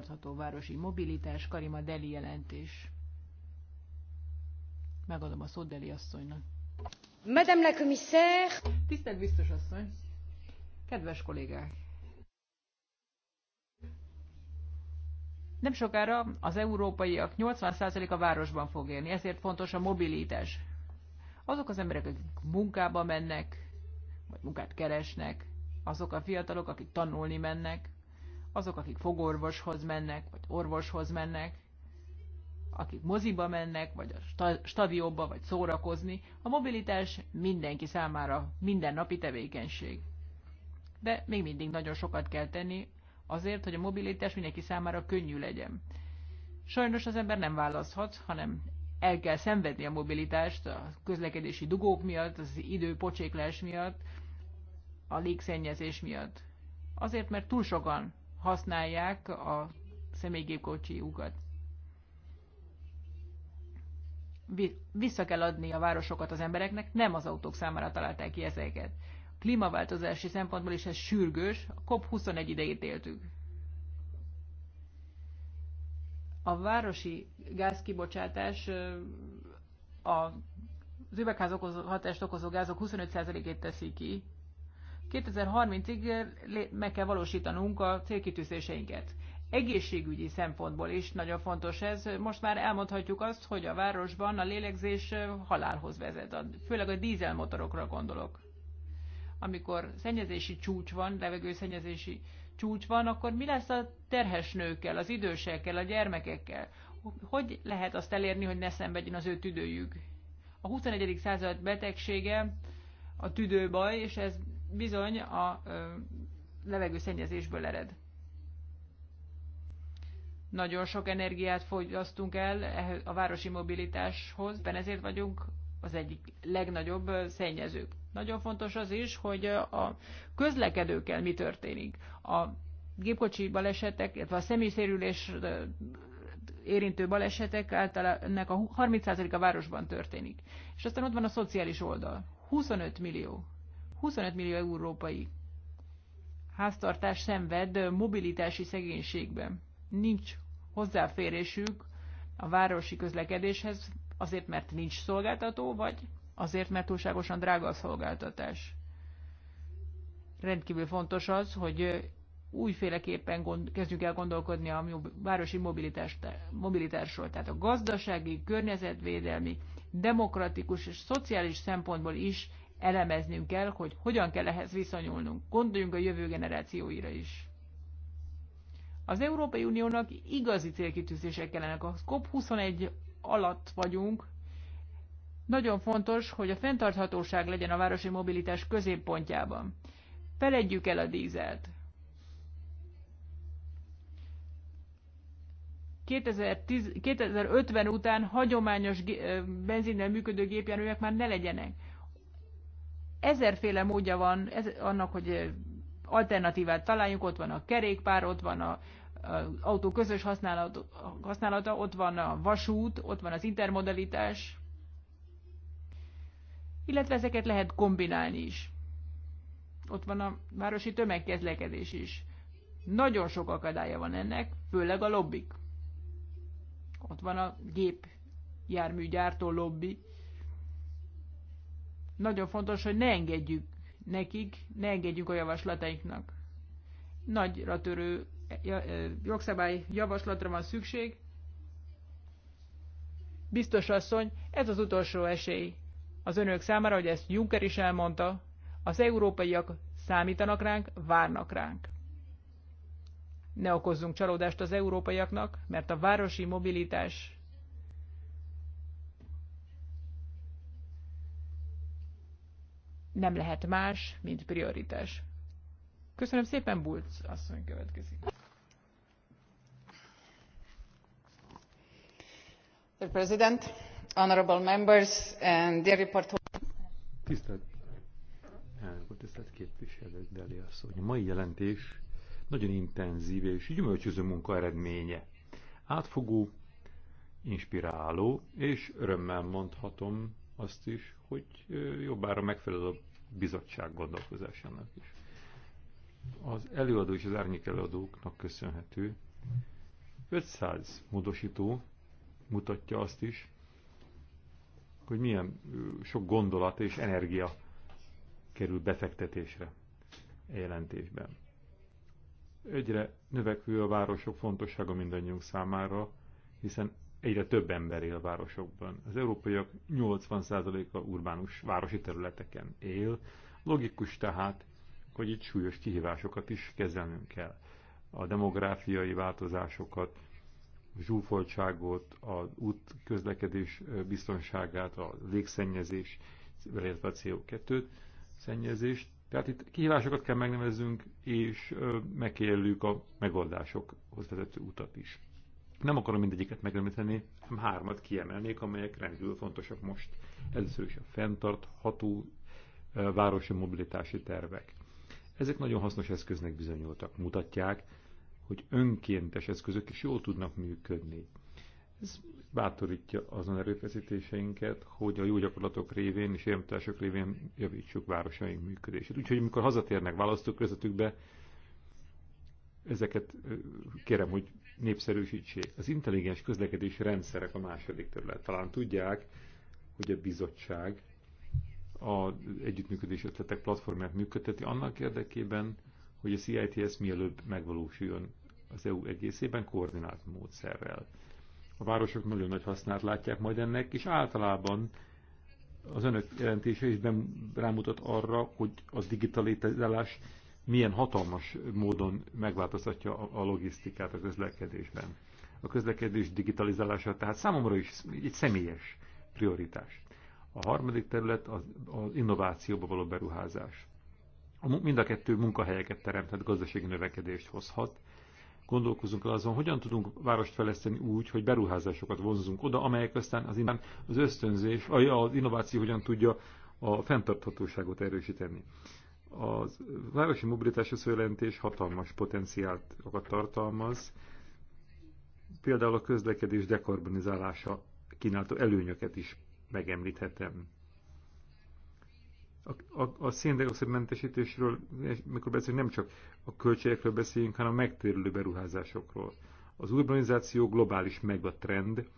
fenntartható városi mobilitás, Karima Deli jelentés. Megadom a szót Deli asszonynak. Madame la commissaire! Tisztelt biztos asszony! Kedves kollégák! Nem sokára az európaiak 80%-a városban fog élni, ezért fontos a mobilitás. Azok az emberek, akik munkába mennek, vagy munkát keresnek, azok a fiatalok, akik tanulni mennek, azok, akik fogorvoshoz mennek, vagy orvoshoz mennek, akik moziba mennek, vagy a stadionba, vagy szórakozni, a mobilitás mindenki számára mindennapi tevékenység. De még mindig nagyon sokat kell tenni azért, hogy a mobilitás mindenki számára könnyű legyen. Sajnos az ember nem választhat, hanem el kell szenvedni a mobilitást a közlekedési dugók miatt, az időpocséklás miatt, a légszennyezés miatt. Azért, mert túl sokan használják a ugat. Vissza kell adni a városokat az embereknek, nem az autók számára találták ki ezeket. A klímaváltozási szempontból is ez sürgős, a COP21 idejét éltük. A városi gázkibocsátás a az üvegházhatást okozó gázok 25%-ét teszi ki, 2030-ig eh, meg kell valósítanunk a célkitűzéseinket. Egészségügyi szempontból is nagyon fontos ez. Most már elmondhatjuk azt, hogy a városban a lélegzés eh, halálhoz vezet, főleg a dízelmotorokra gondolok. Amikor szennyezési csúcs van, levegőszennyezési csúcs van, akkor mi lesz a terhes nőkkel, az idősekkel, a gyermekekkel? Hogy lehet azt elérni, hogy ne szenvedjen az ő tüdőjük? A 21. század betegsége a tüdőbaj, és ez bizony a levegőszennyezésből ered. Nagyon sok energiát fogyasztunk el eh, a városi mobilitáshoz, benne ezért vagyunk az egyik legnagyobb szennyezők. Nagyon fontos az is, hogy a közlekedőkkel mi történik. A gépkocsi balesetek, illetve a személyszérülés érintő balesetek általában ennek a 30% a városban történik. És aztán ott van a szociális oldal. 25 millió 25 millió európai háztartás szenved mobilitási szegénységben. Nincs hozzáférésük a városi közlekedéshez, azért mert nincs szolgáltató, vagy azért mert túlságosan drága a szolgáltatás. Rendkívül fontos az, hogy újféleképpen gond, kezdjünk el gondolkodni a városi mobilitás, mobilitásról. Tehát a gazdasági, környezetvédelmi, demokratikus és szociális szempontból is elemeznünk kell, hogy hogyan kell ehhez viszonyulnunk. Gondoljunk a jövő generációira is. Az Európai Uniónak igazi célkitűzések kellenek. A COP21 alatt vagyunk. Nagyon fontos, hogy a fenntarthatóság legyen a városi mobilitás középpontjában. Feledjük el a dízelt. 2010, 2050 után hagyományos benzinnel működő gépjárművek már ne legyenek ezerféle módja van ez, annak, hogy alternatívát találjunk, ott van a kerékpár, ott van a, a autó közös használata, ott van a vasút, ott van az intermodalitás, illetve ezeket lehet kombinálni is. Ott van a városi tömegkezlekedés is. Nagyon sok akadálya van ennek, főleg a lobbik. Ott van a gépjárműgyártó lobby, nagyon fontos, hogy ne engedjük nekik, ne engedjük a javaslatainknak. Nagyra törő jogszabály javaslatra van szükség. Biztos asszony, ez az utolsó esély az önök számára, hogy ezt Juncker is elmondta, az európaiak számítanak ránk, várnak ránk. Ne okozzunk csalódást az európaiaknak, mert a városi mobilitás nem lehet más, mint prioritás. Köszönöm szépen, Bulc asszony következik. Mr. President, honorable members and dear reporter. Tisztelt elnök tisztelt képviselő, Deli asszony. A mai jelentés nagyon intenzív és gyümölcsöző munka eredménye. Átfogó, inspiráló, és örömmel mondhatom, azt is, hogy jobbára megfelel a bizottság gondolkozásának is. Az előadó és az árnyék előadóknak köszönhető. 500 módosító mutatja azt is, hogy milyen sok gondolat és energia kerül befektetésre a e jelentésben. Egyre növekvő a városok fontossága mindannyiunk számára, hiszen egyre több ember él a városokban. Az európaiak 80%-a urbánus városi területeken él. Logikus tehát, hogy itt súlyos kihívásokat is kezelnünk kell. A demográfiai változásokat, zsúfoltságot, az út közlekedés biztonságát, a légszennyezés, illetve a CO2 szennyezést. Tehát itt kihívásokat kell megnevezzünk, és megkérjük a megoldásokhoz vezető utat is. Nem akarom mindegyiket megemlíteni, hanem hármat kiemelnék, amelyek rendkívül fontosak most. Először is a fenntartható városi mobilitási tervek. Ezek nagyon hasznos eszköznek bizonyultak, mutatják, hogy önkéntes eszközök is jól tudnak működni. Ez bátorítja azon erőfeszítéseinket, hogy a jó gyakorlatok révén és érmtások révén javítsuk városaink működését. Úgyhogy amikor hazatérnek választókörzetükbe, ezeket kérem, hogy népszerűsítsék. Az intelligens közlekedési rendszerek a második terület. Talán tudják, hogy a bizottság a együttműködés ötletek platformját működteti annak érdekében, hogy a CITS mielőbb megvalósuljon az EU egészében koordinált módszerrel. A városok nagyon nagy hasznát látják majd ennek, és általában az önök jelentése is rámutat arra, hogy az digitalizálás milyen hatalmas módon megváltoztatja a logisztikát a közlekedésben. A közlekedés digitalizálása tehát számomra is egy személyes prioritás. A harmadik terület az, az innovációba való beruházás. A, mind a kettő munkahelyeket teremthet, gazdasági növekedést hozhat. Gondolkozunk el azon, hogyan tudunk várost fejleszteni úgy, hogy beruházásokat vonzunk oda, amelyek aztán az, az ösztönzés, az innováció hogyan tudja a fenntarthatóságot erősíteni. A városi mobilitás jelentés hatalmas potenciált tartalmaz, például a közlekedés dekarbonizálása kínálta előnyöket is megemlíthetem. A, a, a széndiokszid mentesítésről, mikor beszélünk, nem csak a költségekről beszélünk, hanem a megtérülő beruházásokról. Az urbanizáció globális meg a trend,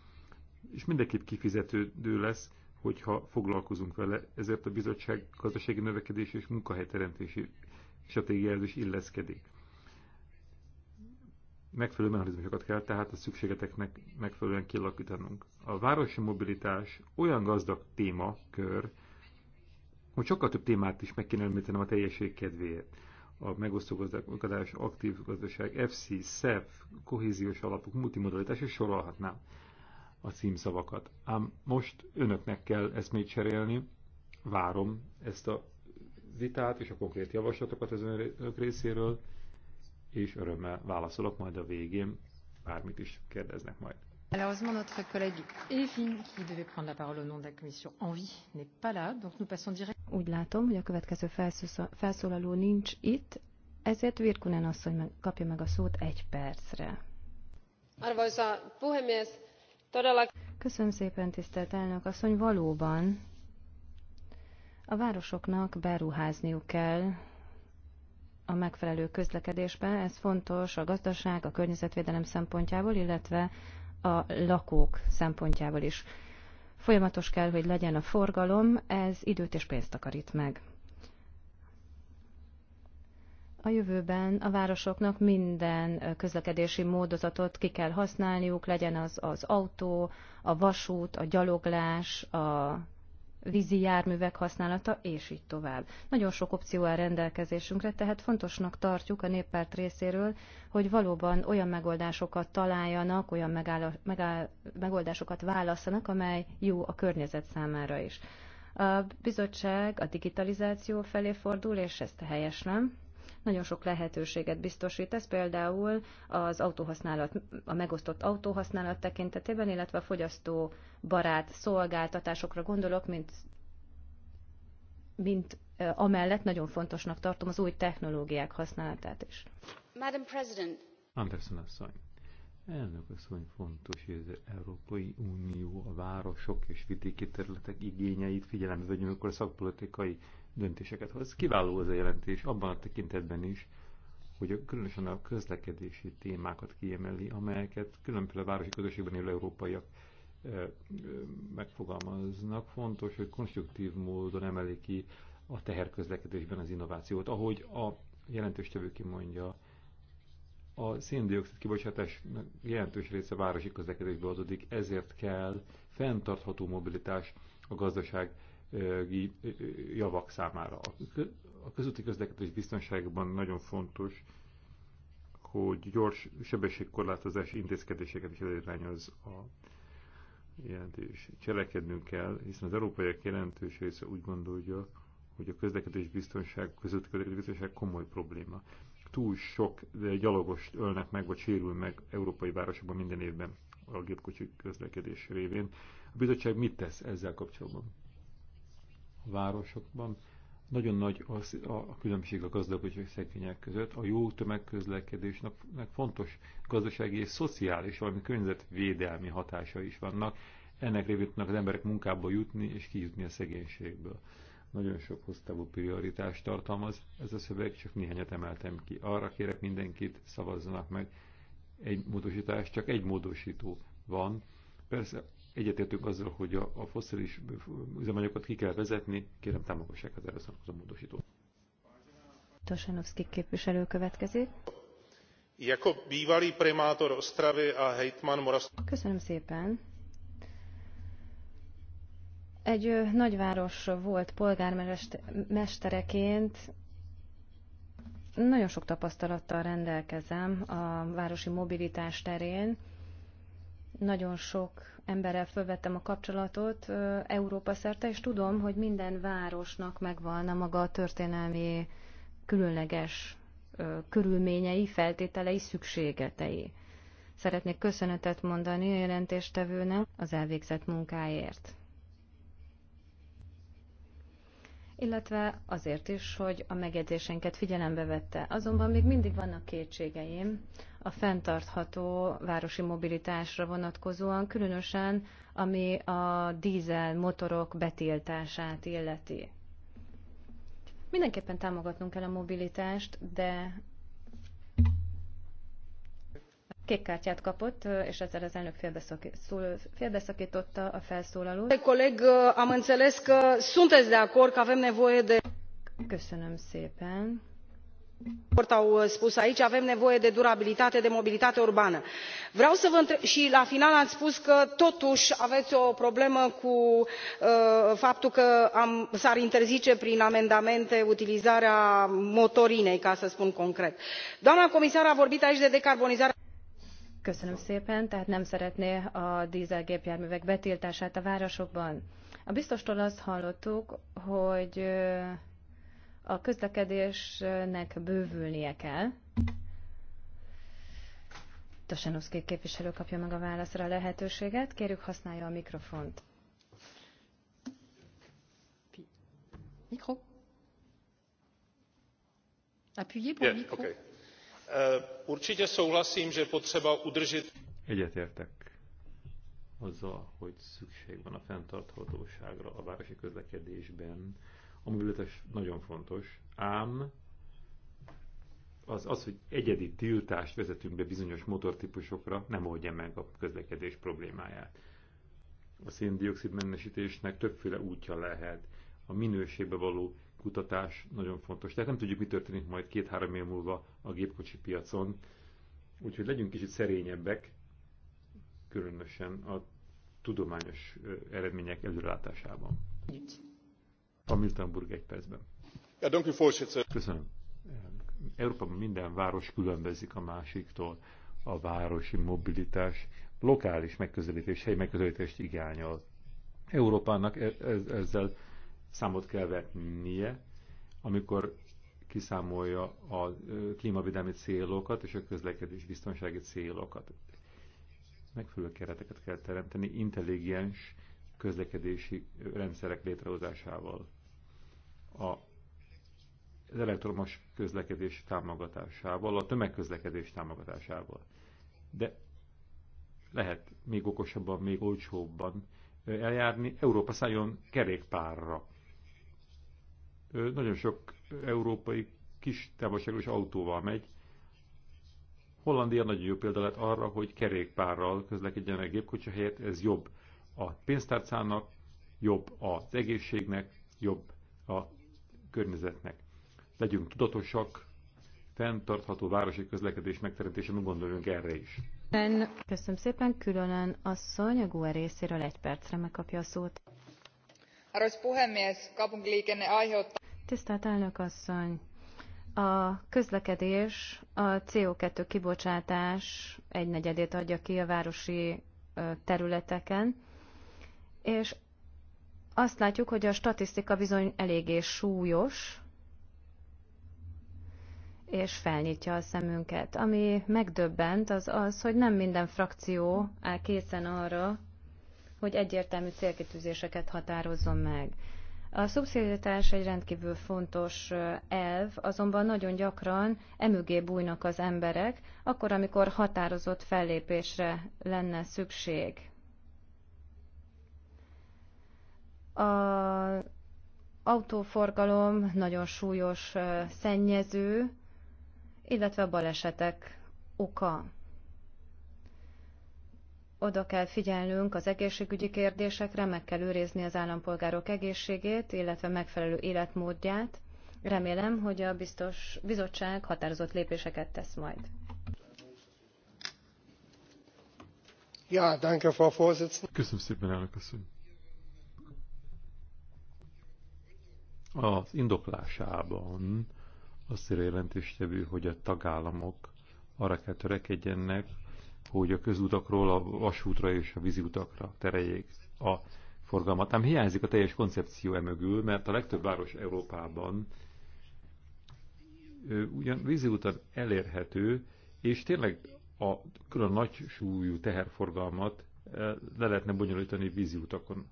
és mindenképp kifizetődő lesz, hogyha foglalkozunk vele, ezért a bizottság gazdasági növekedési és munkahelyteremtési stratégiához is illeszkedik. Megfelelő mechanizmusokat kell tehát a szükségeteknek megfelelően kialakítanunk. A városi mobilitás olyan gazdag témakör, hogy sokkal több témát is meg kéne említenem a teljesség kedvéért. A megosztó gazdálkodás, aktív gazdaság, FC, SEF, kohéziós alapok, multimodalitás, és sorolhatnám a címszavakat. Ám most önöknek kell eszmét cserélni, várom ezt a vitát és a konkrét javaslatokat az önök részéről, és örömmel válaszolok majd a végén, bármit is kérdeznek majd. Malheureusement, notre collègue Evin, qui devait prendre la parole au nom de la commission Envie, n'est pas là, donc nous passons direct. Úgy látom, hogy a következő felszólaló nincs itt, ezért Virkunen asszony kapja meg a szót egy percre. Arvoisa puhemies, Köszönöm szépen, tisztelt elnök asszony. Valóban a városoknak beruházniuk kell a megfelelő közlekedésbe. Ez fontos a gazdaság, a környezetvédelem szempontjából, illetve a lakók szempontjából is. Folyamatos kell, hogy legyen a forgalom, ez időt és pénzt takarít meg. A jövőben a városoknak minden közlekedési módozatot ki kell használniuk, legyen az az autó, a vasút, a gyaloglás, a vízi járművek használata, és így tovább. Nagyon sok opció áll rendelkezésünkre, tehát fontosnak tartjuk a néppárt részéről, hogy valóban olyan megoldásokat találjanak, olyan megáll, megáll, megoldásokat válasszanak, amely jó a környezet számára is. A bizottság a digitalizáció felé fordul, és ezt helyes nem nagyon sok lehetőséget biztosít. Ez például az autóhasználat, a megosztott autóhasználat tekintetében, illetve a fogyasztó barát szolgáltatásokra gondolok, mint, mint amellett nagyon fontosnak tartom az új technológiák használatát is. Madam President. Anderson asszony. Elnök asszony fontos, hogy az Európai Unió a városok és vidéki területek igényeit figyelembe vegyünk, amikor a szakpolitikai döntéseket hoz. Kiváló az a jelentés abban a tekintetben is, hogy különösen a közlekedési témákat kiemeli, amelyeket különféle városi közösségben élő európaiak megfogalmaznak. Fontos, hogy konstruktív módon emeli ki a teherközlekedésben az innovációt. Ahogy a jelentős tevő kimondja, a széndiokszid kibocsátás jelentős része városi közlekedésbe adódik, ezért kell fenntartható mobilitás a gazdaság javak számára. A közúti közlekedés biztonságban nagyon fontos, hogy gyors sebességkorlátozás intézkedéseket is előirányoz a jelentés. Cselekednünk kell, hiszen az európaiak jelentős része úgy gondolja, hogy a közlekedés biztonság, közötti közlekedés biztonság komoly probléma. Túl sok gyalogos ölnek meg, vagy sérül meg európai városokban minden évben a gépkocsi közlekedés révén. A bizottság mit tesz ezzel kapcsolatban? a városokban. Nagyon nagy az, a különbség a gazdag és a szegények között. A jó tömegközlekedésnek fontos gazdasági és szociális, valami környezetvédelmi hatása is vannak. Ennek révén tudnak az emberek munkába jutni és kijutni a szegénységből. Nagyon sok hoztávú prioritást tartalmaz ez a szöveg, csak néhányat emeltem ki. Arra kérek mindenkit, szavazzanak meg egy módosítás, csak egy módosító van. Persze egyetértünk azzal, hogy a, a foszilis üzemanyagokat ki kell vezetni, kérem támogassák az erre szakaszon módosítót. Tosanovszki képviselő következik. Jako bývalý primátor Ostravy a hejtman Moravského... Köszönöm szépen. Egy nagyváros volt polgármestereként, nagyon sok tapasztalattal rendelkezem a városi mobilitás terén, nagyon sok emberrel fölvettem a kapcsolatot Európa szerte, és tudom, hogy minden városnak megvan a maga történelmi különleges körülményei, feltételei, szükségetei. Szeretnék köszönetet mondani a jelentéstevőnek az elvégzett munkáért. Illetve azért is, hogy a megjegyzésenket figyelembe vette. Azonban még mindig vannak kétségeim a fenntartható városi mobilitásra vonatkozóan, különösen ami a dízel motorok betiltását illeti. Mindenképpen támogatnunk kell a mobilitást, de kék kártyát kapott, és ezzel az elnök félbeszakította a felszólalót. Kolleg, am înțeles că sunteți de acord că avem nevoie de... Köszönöm szépen au uh, spus aici avem nevoie de durabilitate de mobilitate urbană și la final ați spus că totuși aveți o problemă cu uh, faptul că s ar interzice prin amendamente utilizarea motorinei ca să spun concret. doamna comisar a vorbit aici de decarbonizare. Köszönöm szépen, tehát nem szeretné a dízelgépjárművek betiltását a városokban. A biztostól azt hallottuk, hogy uh, a közlekedésnek bővülnie kell. Tosanovszki képviselő kapja meg a válaszra a lehetőséget. Kérjük, használja a mikrofont. Mikro? Appuyez pour mikro. Okay. Uh, určitě souhlasím, že potřeba udržet... Egyetértek azzal, hogy szükség van a fenntarthatóságra a városi közlekedésben, a mobilitás nagyon fontos, ám az, az, hogy egyedi tiltást vezetünk be bizonyos motortípusokra, nem oldja meg a közlekedés problémáját. A széndiokszid mennesítésnek többféle útja lehet. A minőségbe való kutatás nagyon fontos. Tehát nem tudjuk, mi történik majd két-három év múlva a gépkocsi piacon. Úgyhogy legyünk kicsit szerényebbek, különösen a tudományos eredmények előrelátásában. Nincs. A Miltenburg egy percben. Köszönöm. Európában minden város különbözik a másiktól. A városi mobilitás lokális megközelítés, helyi megközelítést igányol. Európának e- ezzel számot kell vetnie, amikor kiszámolja a klímavédelmi célokat és a közlekedés biztonsági célokat. Megfelelő kereteket kell teremteni intelligens közlekedési rendszerek létrehozásával a, az elektromos közlekedés támogatásával, a tömegközlekedés támogatásával. De lehet még okosabban, még olcsóbban eljárni. Európa szálljon kerékpárra. Nagyon sok európai kis távolságos autóval megy. Hollandia nagyon jó példa lett arra, hogy kerékpárral közlekedjen a gépkocsi helyett, ez jobb a pénztárcának, jobb az egészségnek, jobb a környezetnek. Legyünk tudatosak, fenntartható városi közlekedés megteremtése mi gondoljunk erre is. Köszönöm szépen, különön asszony a GUE részéről egy percre megkapja a szót. Arvoisa puhemies, kaupunkiliikenne aiheuttaa... Tisztelt elnök asszony, a közlekedés a CO2 kibocsátás egynegyedét adja ki a városi területeken, és azt látjuk, hogy a statisztika bizony eléggé súlyos, és felnyitja a szemünket. Ami megdöbbent, az az, hogy nem minden frakció áll készen arra, hogy egyértelmű célkitűzéseket határozzon meg. A szubszidiaritás egy rendkívül fontos elv, azonban nagyon gyakran emögé bújnak az emberek, akkor, amikor határozott fellépésre lenne szükség. A autóforgalom nagyon súlyos szennyező, illetve a balesetek oka. Oda kell figyelnünk az egészségügyi kérdésekre, meg kell őrizni az állampolgárok egészségét, illetve megfelelő életmódját. Remélem, hogy a biztos bizottság határozott lépéseket tesz majd. Ja, danke, Frau Vorsitzende. Köszönöm szépen, elnök asszony. Az indoklásában azt írja jelentéstevő, hogy a tagállamok arra kell törekedjenek, hogy a közutakról a vasútra és a víziutakra tereljék a forgalmat. Ám hiányzik a teljes koncepció emögül, mert a legtöbb város Európában ugyan víziúton elérhető, és tényleg a külön nagy súlyú teherforgalmat le lehetne bonyolítani víziutakon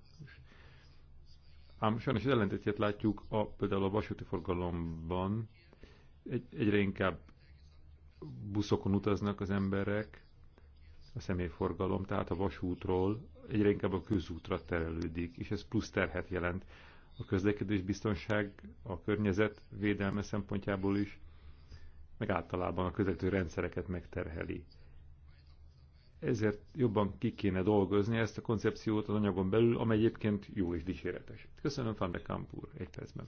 Ám sajnos az ellentétét látjuk a, például a vasúti forgalomban. Egy, egyre inkább buszokon utaznak az emberek, a személyforgalom, tehát a vasútról egyre inkább a közútra terelődik, és ez plusz terhet jelent a közlekedés biztonság, a környezet védelme szempontjából is, meg általában a közlekedő rendszereket megterheli ezért jobban ki kéne dolgozni ezt a koncepciót az anyagon belül, amely egyébként jó és dicséretes. Köszönöm, Van de Kamp úr, egy percben.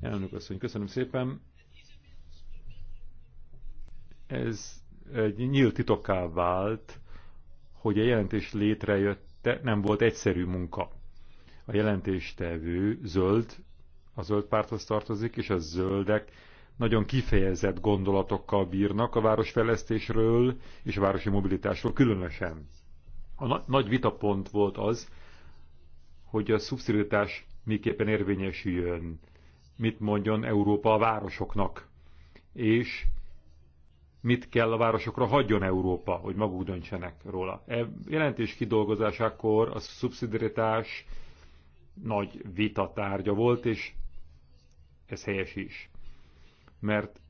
Elnök asszony, köszönöm szépen. Ez egy nyílt titokká vált, hogy a jelentés létrejötte, nem volt egyszerű munka. A jelentéstevő zöld, a zöld párthoz tartozik, és a zöldek nagyon kifejezett gondolatokkal bírnak a városfejlesztésről és a városi mobilitásról különösen. A na nagy vitapont volt az, hogy a szubszidiaritás miképpen érvényesüljön, mit mondjon Európa a városoknak, és mit kell a városokra hagyjon Európa, hogy maguk döntsenek róla. E jelentés kidolgozásakor a szubszidiaritás nagy vita tárgya volt, és ez helyes is mert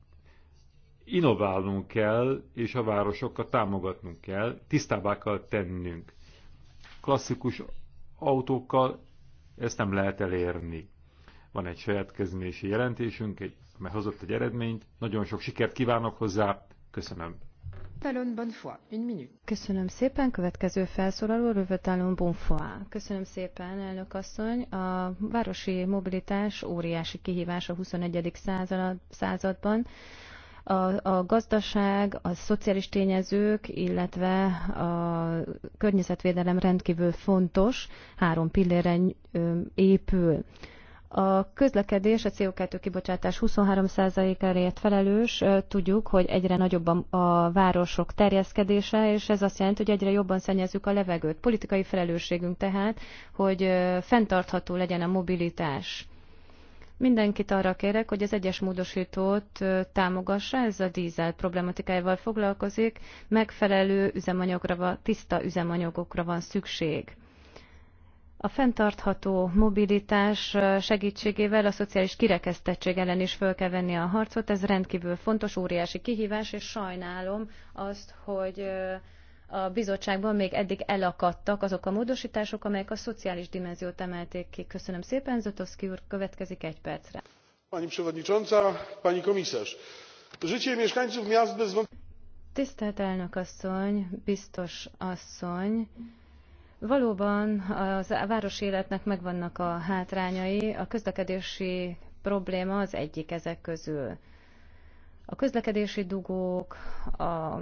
innoválnunk kell, és a városokat támogatnunk kell, tisztábbá kell tennünk. Klasszikus autókkal ezt nem lehet elérni. Van egy saját kezdeményési jelentésünk, egy, mert hozott egy eredményt, nagyon sok sikert kívánok hozzá, köszönöm. Köszönöm szépen. Következő felszólaló Rövetalon Bonfoy. Köszönöm szépen, elnök asszony. A városi mobilitás óriási kihívás a 21. században. A, a gazdaság, a szociális tényezők, illetve a környezetvédelem rendkívül fontos, három pillére épül. A közlekedés a CO2 kibocsátás 23%-áért felelős. Tudjuk, hogy egyre nagyobb a városok terjeszkedése, és ez azt jelenti, hogy egyre jobban szennyezzük a levegőt. Politikai felelősségünk tehát, hogy fenntartható legyen a mobilitás. Mindenkit arra kérek, hogy az egyes módosítót támogassa, ez a dízel problematikájával foglalkozik, megfelelő üzemanyagra, tiszta üzemanyagokra van szükség a fenntartható mobilitás segítségével a szociális kirekesztettség ellen is föl kell venni a harcot. Ez rendkívül fontos, óriási kihívás, és sajnálom azt, hogy a bizottságban még eddig elakadtak azok a módosítások, amelyek a szociális dimenziót emelték ki. Köszönöm szépen, Zotowski úr, következik egy percre. Pani przewodnicząca, pani komisarz. Życie mieszkańców miast bez Tisztelt elnök asszony, biztos asszony, Valóban az város életnek megvannak a hátrányai, a közlekedési probléma az egyik ezek közül. A közlekedési dugók, a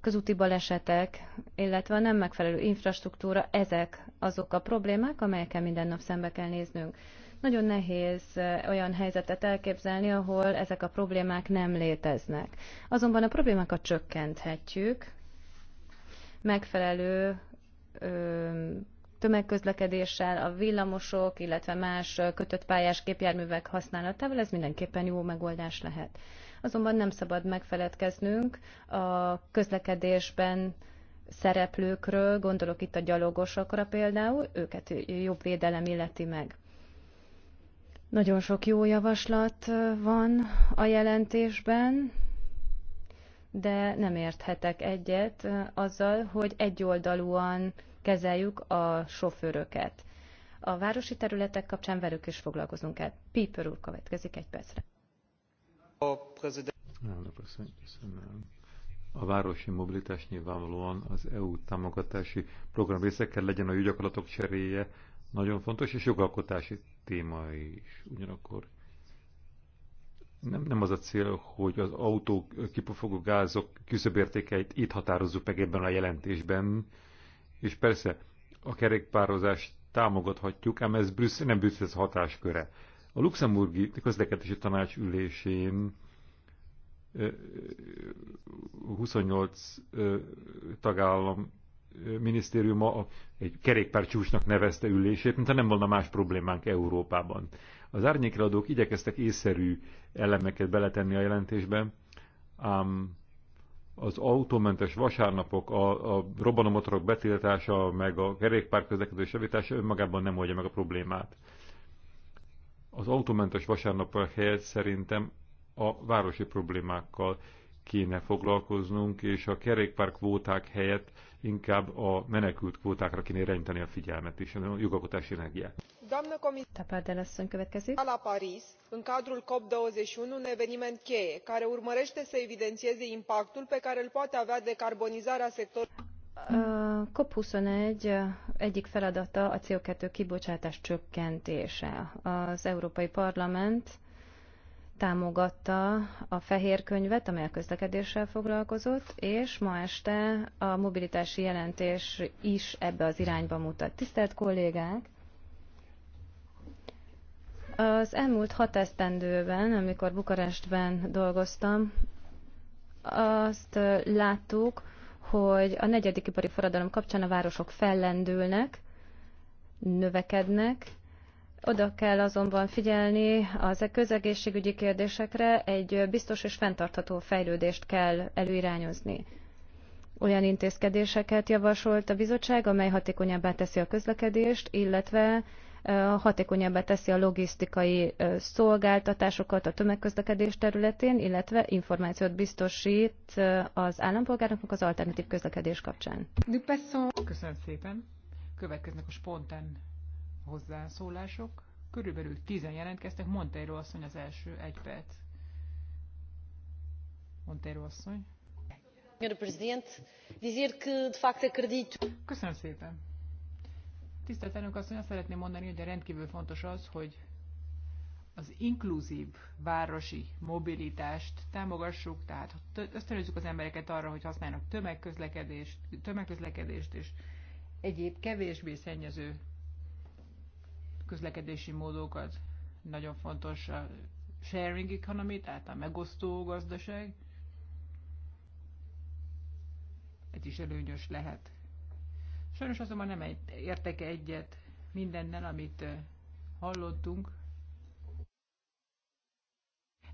közúti balesetek, illetve a nem megfelelő infrastruktúra, ezek azok a problémák, amelyekkel minden nap szembe kell néznünk. Nagyon nehéz eh, olyan helyzetet elképzelni, ahol ezek a problémák nem léteznek. Azonban a problémákat csökkenthetjük, megfelelő tömegközlekedéssel, a villamosok, illetve más kötött pályás képjárművek használatával, ez mindenképpen jó megoldás lehet. Azonban nem szabad megfeledkeznünk a közlekedésben szereplőkről, gondolok itt a gyalogosokra például, őket jobb védelem illeti meg. Nagyon sok jó javaslat van a jelentésben, de nem érthetek egyet azzal, hogy egyoldalúan kezeljük a sofőröket. A városi területek kapcsán velük is foglalkozunk el. Piper úr következik egy percre. A prezident... A városi mobilitás nyilvánvalóan az EU támogatási program része kell legyen a gyakorlatok cseréje, nagyon fontos, és jogalkotási téma is. Ugyanakkor nem, nem az a cél, hogy az autó kipufogó gázok küszöbértékeit itt határozzuk meg ebben a jelentésben, és persze a kerékpározást támogathatjuk, ám ez Brüsszel, nem Brüsszel hatásköre. A luxemburgi közlekedési tanács ülésén 28 tagállam minisztériuma egy kerékpárcsúcsnak nevezte ülését, mintha nem volna más problémánk Európában. Az árnyékradók igyekeztek észszerű elemeket beletenni a jelentésbe, ám az autómentes vasárnapok, a, a robbanomotorok betiltása, meg a kerékpár közlekedés javítása önmagában nem oldja meg a problémát. Az autómentes vasárnapok helyett szerintem a városi problémákkal kéne foglalkoznunk, és a kerékpárkvóták helyett inkább a menekült kvótákra kéne irányítani a figyelmet és a jogalkotási energiát. Doamnă comisar, Tapadel asszony következik. La Paris, în cadrul COP21, un eveniment cheie care urmărește să evidențieze impactul pe care îl poate avea decarbonizarea sectorului. COP21 egyik feladata a CO2 kibocsátás csökkentése. Az Európai Parlament támogatta a fehér könyvet, amely a közlekedéssel foglalkozott, és ma este a mobilitási jelentés is ebbe az irányba mutat. Tisztelt kollégák! Az elmúlt hat esztendőben, amikor Bukarestben dolgoztam, azt láttuk, hogy a negyedik ipari forradalom kapcsán a városok fellendülnek, növekednek, oda kell azonban figyelni az e közegészségügyi kérdésekre, egy biztos és fenntartható fejlődést kell előirányozni. Olyan intézkedéseket javasolt a bizottság, amely hatékonyabbá teszi a közlekedést, illetve hatékonyabbá teszi a logisztikai szolgáltatásokat a tömegközlekedés területén, illetve információt biztosít az állampolgároknak az alternatív közlekedés kapcsán. Köszönöm szépen. Következnek a spontán hozzászólások. Körülbelül tizen jelentkeztek. Monteiro asszony az első, egy perc. Monteiro asszony. Köszönöm szépen. Tisztelt elnök asszony, azt szeretném mondani, hogy rendkívül fontos az, hogy az inkluzív városi mobilitást támogassuk, tehát ösztönözzük az embereket arra, hogy használjanak tömegközlekedést, tömegközlekedést és egyéb kevésbé szennyező közlekedési módokat. Nagyon fontos a sharing economy, tehát a megosztó gazdaság. Ez is előnyös lehet. Sajnos azonban nem értek egyet mindennel, amit hallottunk.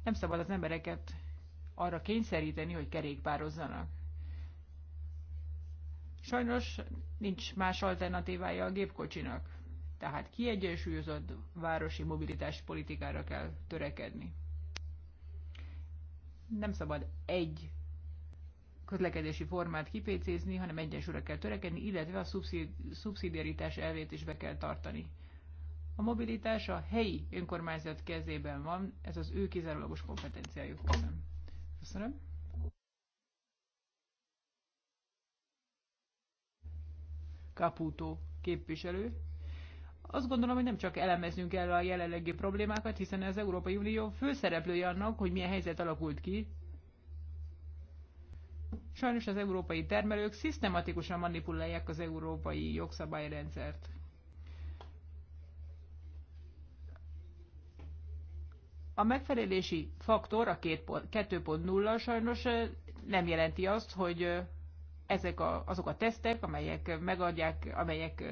Nem szabad az embereket arra kényszeríteni, hogy kerékpározzanak. Sajnos nincs más alternatívája a gépkocsinak tehát kiegyensúlyozott városi mobilitás politikára kell törekedni. Nem szabad egy közlekedési formát kipécézni, hanem egyensúlyra kell törekedni, illetve a szubszidiaritás elvét is be kell tartani. A mobilitás a helyi önkormányzat kezében van, ez az ő kizárólagos kompetenciájuk. Köszönöm. Köszönöm. Caputo képviselő. Azt gondolom, hogy nem csak elemeznünk kell a jelenlegi problémákat, hiszen az Európai Unió főszereplője annak, hogy milyen helyzet alakult ki. Sajnos az európai termelők szisztematikusan manipulálják az európai jogszabályrendszert. A megfelelési faktor, a 2.0 sajnos nem jelenti azt, hogy ezek a, azok a tesztek, amelyek megadják, amelyek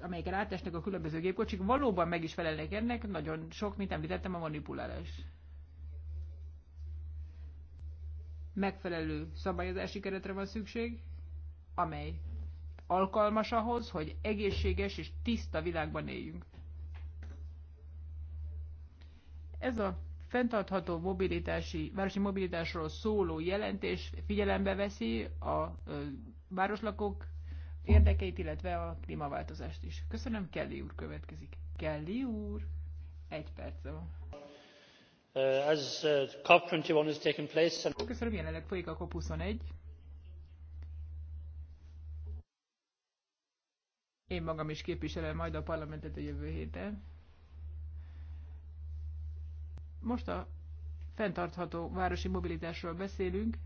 amelyeken átesnek a különböző gépkocsik, valóban meg is felelnek ennek, nagyon sok, mint említettem, a manipulálás. Megfelelő szabályozási keretre van szükség, amely alkalmas ahhoz, hogy egészséges és tiszta világban éljünk. Ez a fenntartható mobilitási, városi mobilitásról szóló jelentés figyelembe veszi a városlakók érdekeit, illetve a klímaváltozást is. Köszönöm, Kelly úr következik. Kelly úr, egy perc van. Uh, uh, Köszönöm, jelenleg folyik a COP21. Én magam is képviselem majd a parlamentet a jövő héten. Most a fenntartható városi mobilitásról beszélünk.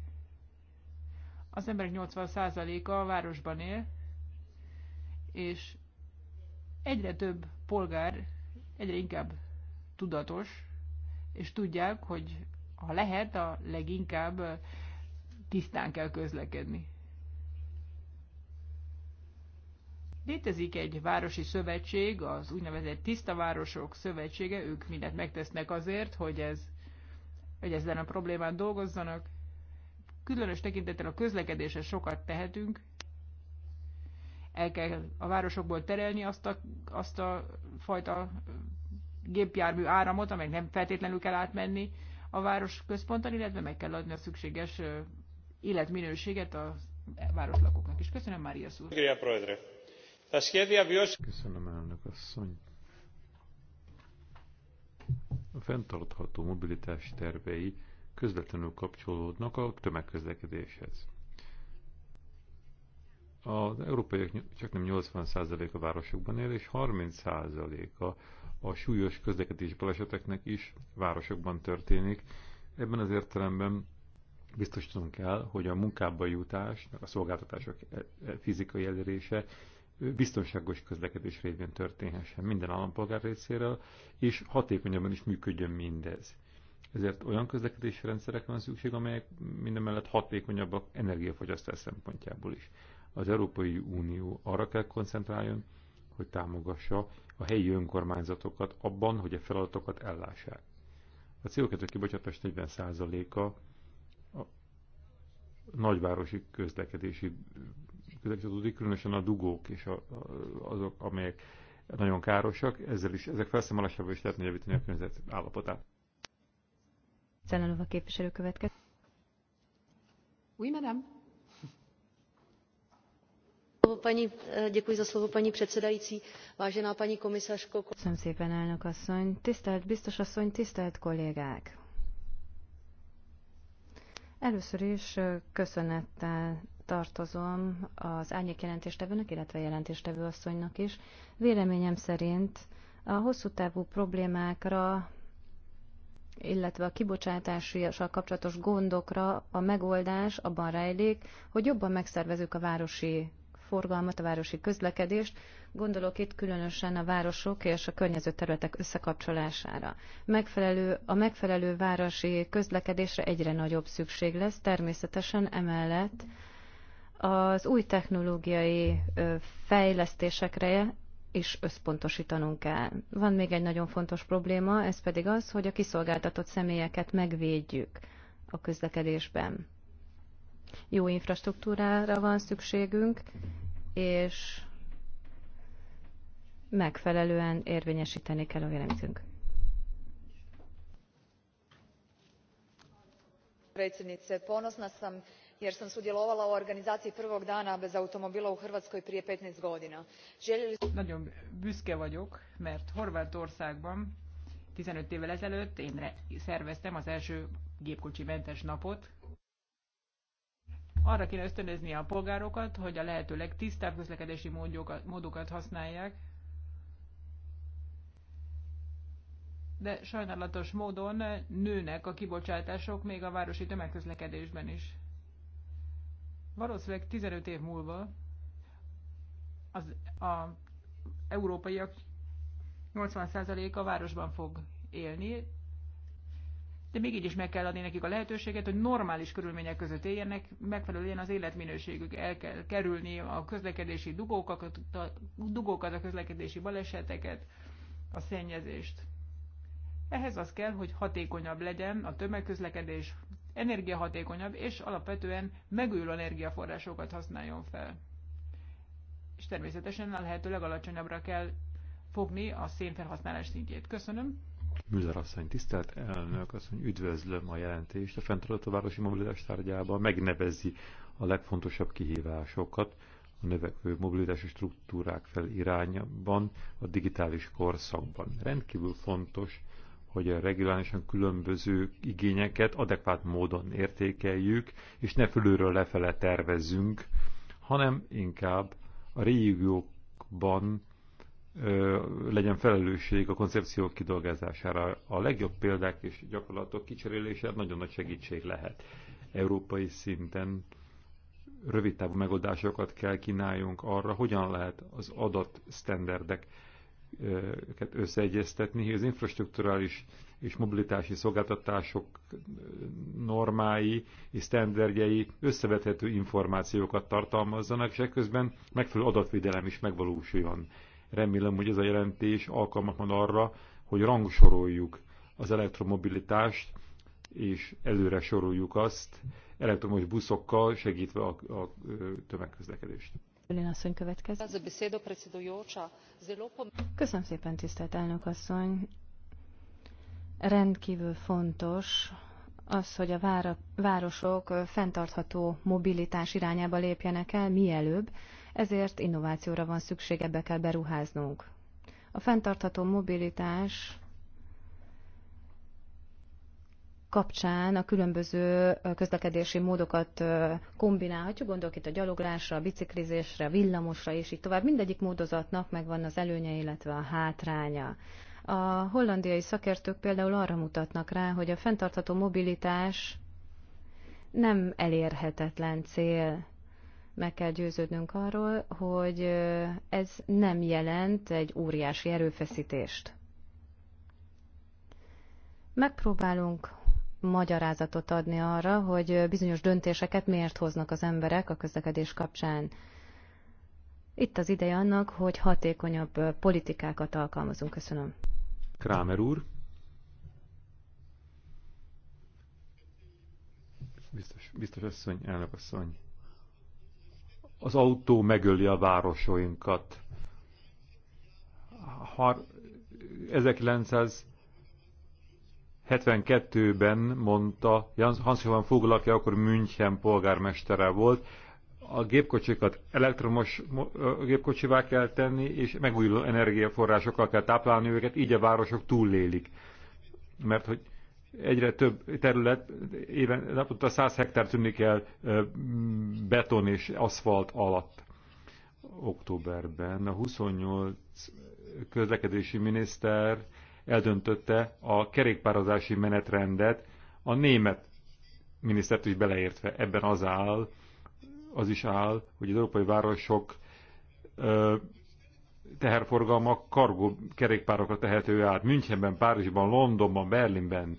Az emberek 80%-a a városban él, és egyre több polgár egyre inkább tudatos, és tudják, hogy ha lehet, a leginkább tisztán kell közlekedni. Létezik egy városi szövetség, az úgynevezett Tiszta Városok Szövetsége, ők mindent megtesznek azért, hogy ez hogy ezzel a problémán dolgozzanak. Különös tekintettel a közlekedésre sokat tehetünk, el kell a városokból terelni azt a, azt a fajta gépjármű áramot, amely nem feltétlenül kell átmenni a város központon, illetve meg kell adni a szükséges életminőséget a városlakóknak is. Köszönöm, Mária Szúr. Köszönöm, elnök asszony. A fenntartható mobilitás tervei közvetlenül kapcsolódnak a tömegközlekedéshez az európaiak csak nem 80% a városokban él, és 30%-a a súlyos közlekedési baleseteknek is városokban történik. Ebben az értelemben biztosítanunk kell, hogy a munkába jutás, a szolgáltatások e- e- fizikai elérése biztonságos közlekedés révén történhessen minden állampolgár részéről, és hatékonyabban is működjön mindez. Ezért olyan közlekedési rendszerek van szükség, amelyek minden mellett hatékonyabbak energiafogyasztás szempontjából is az Európai Unió arra kell koncentráljon, hogy támogassa a helyi önkormányzatokat abban, hogy a feladatokat ellássák. A CO2 kibocsátás 40%-a a nagyvárosi közlekedési közlekedési különösen a dugók és a, a, azok, amelyek nagyon károsak, ezzel is, ezek felszámolásával is lehet javítani a környezet állapotát. Szellenova képviselő következik. Oui, madame. Eh, předsedající vážená paní komisařko Tisztelt biztos asszony, tisztelt kollégák! Először is eh, köszönettel tartozom az árnyék jelentéstevőnek, illetve jelentéstevő asszonynak is. Véleményem szerint a hosszú távú problémákra, illetve a kibocsátással kapcsolatos gondokra a megoldás abban rejlik, hogy jobban megszervezzük a városi forgalmat, a városi közlekedést, gondolok itt különösen a városok és a környező területek összekapcsolására. Megfelelő, a megfelelő városi közlekedésre egyre nagyobb szükség lesz, természetesen emellett az új technológiai fejlesztésekre is összpontosítanunk kell. Van még egy nagyon fontos probléma, ez pedig az, hogy a kiszolgáltatott személyeket megvédjük a közlekedésben. Jó infrastruktúrára van szükségünk, és megfelelően érvényesíteni kell a véleményünk. predsjednice ponosna sam jer sam sudjelovala u organizaciji prvog dana bez automobila u hrvatskoj prije 15 godina. nagyon büszke vagyok mert horvátországban 15 évvel ezelőtt én szerveztem az első mentes napot arra kéne ösztönözni a polgárokat, hogy a lehető legtisztább közlekedési módokat, módokat használják, de sajnálatos módon nőnek a kibocsátások még a városi tömegközlekedésben is. Valószínűleg 15 év múlva az a európaiak 80% a városban fog élni, de még így is meg kell adni nekik a lehetőséget, hogy normális körülmények között éljenek, megfelelően az életminőségük, el kell kerülni a közlekedési dugókat, a, dugókat, a közlekedési baleseteket, a szennyezést. Ehhez az kell, hogy hatékonyabb legyen a tömegközlekedés, energiahatékonyabb, és alapvetően megújuló energiaforrásokat használjon fel. És természetesen a lehető legalacsonyabbra kell fogni a szénfelhasználás szintjét. Köszönöm. Müller asszony, tisztelt elnök mondja, üdvözlöm a jelentést. A fenntartható városi mobilitás tárgyában megnevezi a legfontosabb kihívásokat a növekvő mobilitási struktúrák fel a digitális korszakban. Rendkívül fontos, hogy a regulárisan különböző igényeket adekvát módon értékeljük, és ne fölülről lefele tervezünk, hanem inkább a régiókban legyen felelősség a koncepciók kidolgozására. A legjobb példák és gyakorlatok kicserélése nagyon nagy segítség lehet. Európai szinten távú megoldásokat kell kínáljunk arra, hogyan lehet az adat standardeket összeegyeztetni, hogy az infrastruktúrális és mobilitási szolgáltatások normái és sztenderdjei összevethető információkat tartalmazzanak, és ekközben megfelelő adatvédelem is megvalósuljon Remélem, hogy ez a jelentés alkalmat van arra, hogy rangsoroljuk az elektromobilitást, és előre soroljuk azt elektromos buszokkal, segítve a, a, a tömegközlekedést. Köszönöm szépen, tisztelt elnök asszony. Rendkívül fontos az, hogy a vára, városok fenntartható mobilitás irányába lépjenek el mielőbb, ezért innovációra van szükség, ebbe kell beruháznunk. A fenntartható mobilitás kapcsán a különböző közlekedési módokat kombinálhatjuk, gondolok itt a gyaloglásra, a biciklizésre, a villamosra és így tovább. Mindegyik módozatnak megvan az előnye, illetve a hátránya. A hollandiai szakértők például arra mutatnak rá, hogy a fenntartható mobilitás nem elérhetetlen cél meg kell győződnünk arról, hogy ez nem jelent egy óriási erőfeszítést. Megpróbálunk magyarázatot adni arra, hogy bizonyos döntéseket miért hoznak az emberek a közlekedés kapcsán. Itt az ideje annak, hogy hatékonyabb politikákat alkalmazunk. Köszönöm. Krámer úr. Biztos, biztos asszony, elnök asszony az autó megöli a városainkat. 1972-ben mondta Hans Johann Vogel, aki akkor München polgármestere volt, a gépkocsikat elektromos gépkocsivá kell tenni, és megújuló energiaforrásokkal kell táplálni őket, így a városok túllélik. Mert hogy egyre több terület, éven, naponta 100 hektár tűnik el beton és aszfalt alatt októberben. A 28 közlekedési miniszter eldöntötte a kerékpározási menetrendet, a német minisztert is beleértve. Ebben az áll, az is áll, hogy az európai városok ö, teherforgalma kargó kerékpárokra tehető át. Münchenben, Párizsban, Londonban, Berlinben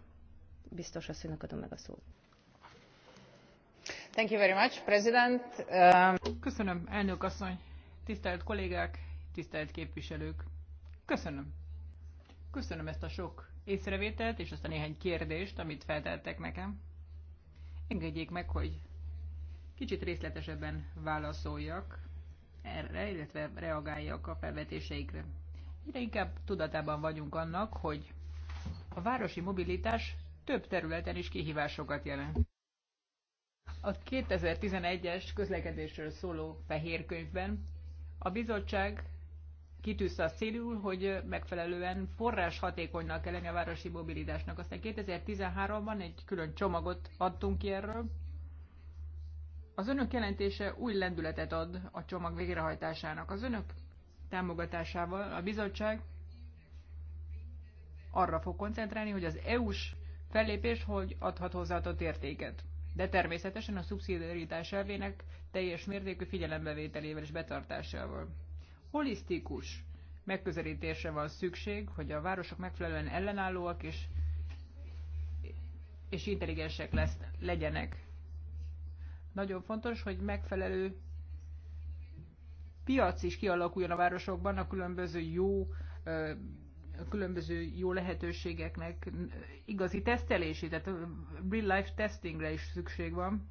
biztos asszonynak adom meg a szót. Thank you very much, President. Um... Köszönöm, elnök asszony, tisztelt kollégák, tisztelt képviselők. Köszönöm. Köszönöm ezt a sok észrevételt, és azt a néhány kérdést, amit felteltek nekem. Engedjék meg, hogy kicsit részletesebben válaszoljak erre, illetve reagáljak a felvetéseikre. Egyre inkább tudatában vagyunk annak, hogy a városi mobilitás több területen is kihívásokat jelent. A 2011-es közlekedésről szóló fehér könyvben a bizottság kitűzte a célul, hogy megfelelően forrás hatékonynak kell lenni a városi mobilitásnak. Aztán 2013-ban egy külön csomagot adtunk ki erről. Az önök jelentése új lendületet ad a csomag végrehajtásának. Az önök támogatásával a bizottság arra fog koncentrálni, hogy az EU-s fellépés, hogy adhat hozzáadott értéket. De természetesen a szubszidiaritás elvének teljes mértékű figyelembevételével és betartásával. Holisztikus megközelítésre van szükség, hogy a városok megfelelően ellenállóak és, és intelligensek lesz, legyenek. Nagyon fontos, hogy megfelelő piac is kialakuljon a városokban a különböző jó a különböző jó lehetőségeknek igazi tesztelési, tehát real life testingre is szükség van.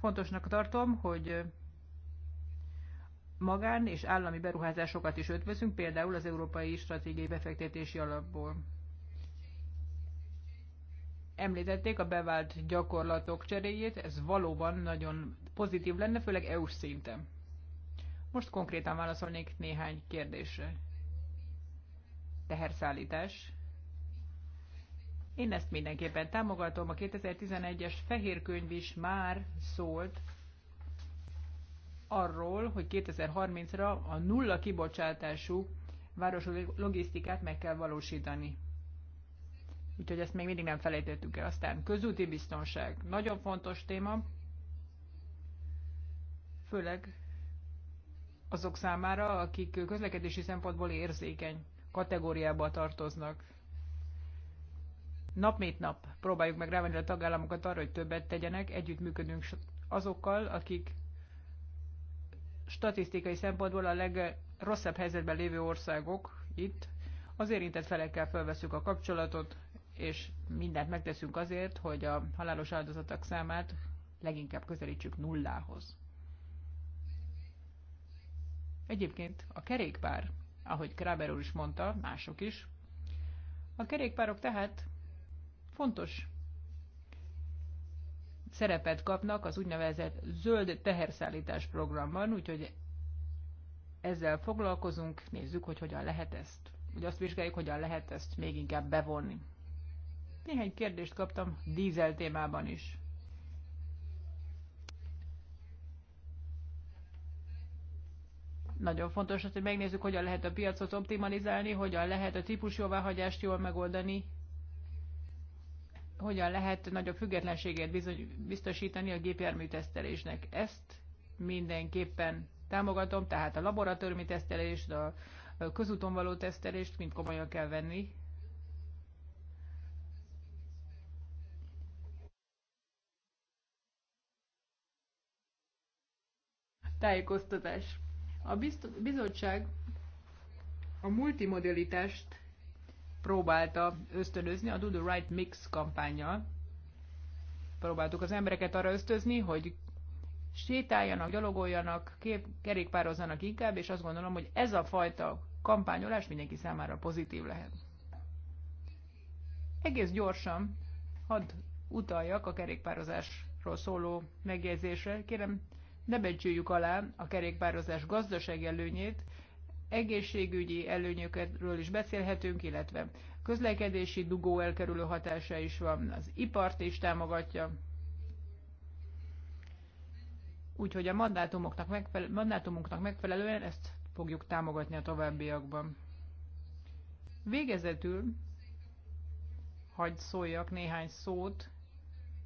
Fontosnak tartom, hogy magán és állami beruházásokat is ötvözünk, például az Európai Stratégiai Befektetési Alapból. Említették a bevált gyakorlatok cseréjét, ez valóban nagyon pozitív lenne, főleg EU-s szinten. Most konkrétan válaszolnék néhány kérdésre teherszállítás. Én ezt mindenképpen támogatom. A 2011-es fehér könyv is már szólt arról, hogy 2030-ra a nulla kibocsátású városi logisztikát meg kell valósítani. Úgyhogy ezt még mindig nem felejtettük el. Aztán közúti biztonság. Nagyon fontos téma, főleg azok számára, akik közlekedési szempontból érzékeny kategóriába tartoznak. Nap mint nap próbáljuk meg rávenni a tagállamokat arra, hogy többet tegyenek, együttműködünk azokkal, akik statisztikai szempontból a legrosszabb helyzetben lévő országok itt. Az érintett felekkel felveszünk a kapcsolatot, és mindent megteszünk azért, hogy a halálos áldozatok számát leginkább közelítsük nullához. Egyébként a kerékpár ahogy Kraber úr is mondta, mások is. A kerékpárok tehát fontos szerepet kapnak az úgynevezett zöld teherszállítás programban, úgyhogy ezzel foglalkozunk, nézzük, hogy hogyan lehet ezt, hogy azt vizsgáljuk, hogyan lehet ezt még inkább bevonni. Néhány kérdést kaptam dízel témában is. Nagyon fontos az, hogy megnézzük, hogyan lehet a piacot optimalizálni, hogyan lehet a típus jóváhagyást jól megoldani, hogyan lehet nagyobb függetlenséget bizony, biztosítani a gépjármű tesztelésnek. Ezt mindenképpen támogatom, tehát a laboratóriumi tesztelést, a közúton való tesztelést mind komolyan kell venni. Tájékoztatás. A bizottság a multimodalitást próbálta ösztönözni a Do the Right Mix kampányjal. Próbáltuk az embereket arra ösztözni, hogy sétáljanak, gyalogoljanak, kép, kerékpározzanak inkább, és azt gondolom, hogy ez a fajta kampányolás mindenki számára pozitív lehet. Egész gyorsan hadd utaljak a kerékpározásról szóló megjegyzésre. Kérem, ne becsüljük alá a kerékpározás gazdasági előnyét, egészségügyi előnyökről is beszélhetünk, illetve közlekedési dugó elkerülő hatása is van, az ipart is támogatja. Úgyhogy a mandátumoknak megfelel, mandátumunknak megfelelően ezt fogjuk támogatni a továbbiakban. Végezetül hagyd szóljak néhány szót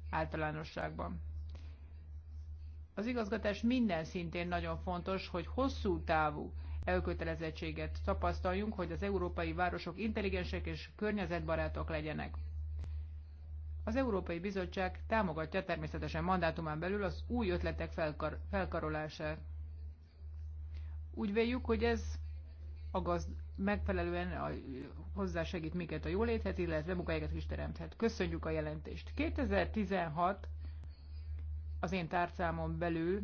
általánosságban. Az igazgatás minden szintén nagyon fontos, hogy hosszú távú elkötelezettséget tapasztaljunk, hogy az európai városok intelligensek és környezetbarátok legyenek. Az Európai Bizottság támogatja természetesen mandátumán belül az új ötletek felkar- felkarolását. Úgy véljük, hogy ez a gazd megfelelően a, hozzásegít minket a jóléthet, illetve munkahelyeket is teremthet. Köszönjük a jelentést. 2016 az én tárcámon belül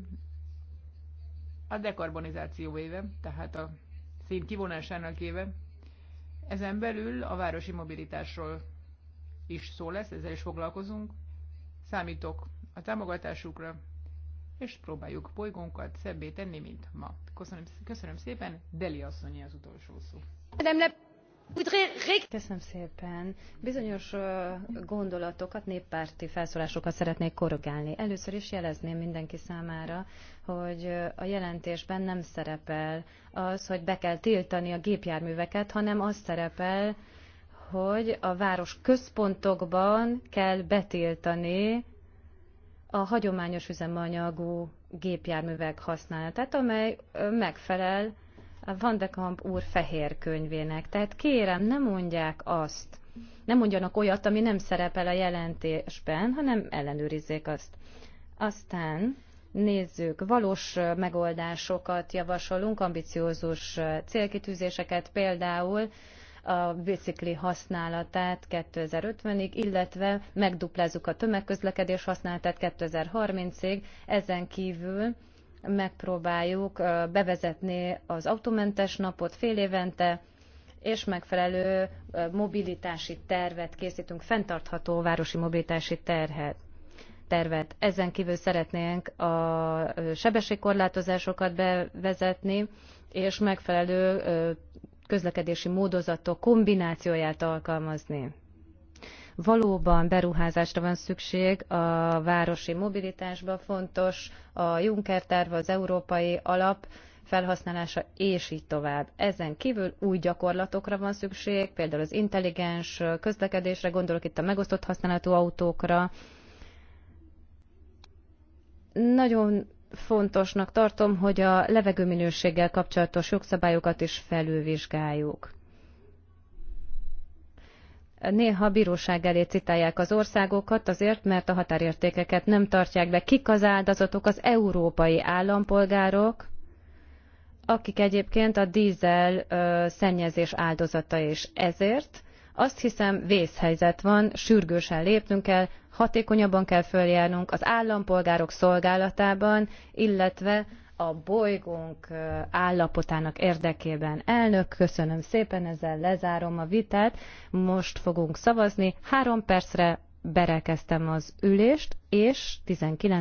a dekarbonizáció éve, tehát a szín kivonásának éve. Ezen belül a városi mobilitásról is szó lesz, ezzel is foglalkozunk. Számítok a támogatásukra, és próbáljuk bolygónkat szebbé tenni, mint ma. Köszönöm, köszönöm szépen, Deli asszonyi az utolsó szó. Nem lep- Köszönöm szépen. Bizonyos gondolatokat, néppárti felszólásokat szeretnék korrigálni. Először is jelezném mindenki számára, hogy a jelentésben nem szerepel az, hogy be kell tiltani a gépjárműveket, hanem az szerepel, hogy a város központokban kell betiltani a hagyományos üzemanyagú gépjárművek használatát, amely megfelel van de Kamp úr fehér könyvének. Tehát kérem, ne mondják azt, nem mondjanak olyat, ami nem szerepel a jelentésben, hanem ellenőrizzék azt. Aztán nézzük, valós megoldásokat javasolunk, ambiciózus célkitűzéseket, például a bicikli használatát 2050-ig, illetve megduplázzuk a tömegközlekedés használatát 2030-ig, ezen kívül megpróbáljuk bevezetni az autómentes napot fél évente, és megfelelő mobilitási tervet készítünk, fenntartható városi mobilitási terhet tervet. Ezen kívül szeretnénk a sebességkorlátozásokat bevezetni, és megfelelő közlekedési módozatok kombinációját alkalmazni. Valóban beruházásra van szükség a városi mobilitásban fontos, a Juncker terv, az európai alap, felhasználása, és így tovább. Ezen kívül új gyakorlatokra van szükség, például az intelligens közlekedésre, gondolok itt a megosztott használatú autókra. Nagyon fontosnak tartom, hogy a levegőminőséggel kapcsolatos jogszabályokat is felülvizsgáljuk néha bíróság elé citálják az országokat azért, mert a határértékeket nem tartják be. Kik az áldozatok? Az európai állampolgárok, akik egyébként a dízel ö, szennyezés áldozata is. Ezért azt hiszem vészhelyzet van, sürgősen lépnünk kell, hatékonyabban kell följárnunk az állampolgárok szolgálatában, illetve a bolygónk állapotának érdekében. Elnök, köszönöm szépen, ezzel lezárom a vitát. Most fogunk szavazni. Három percre berekeztem az ülést, és 19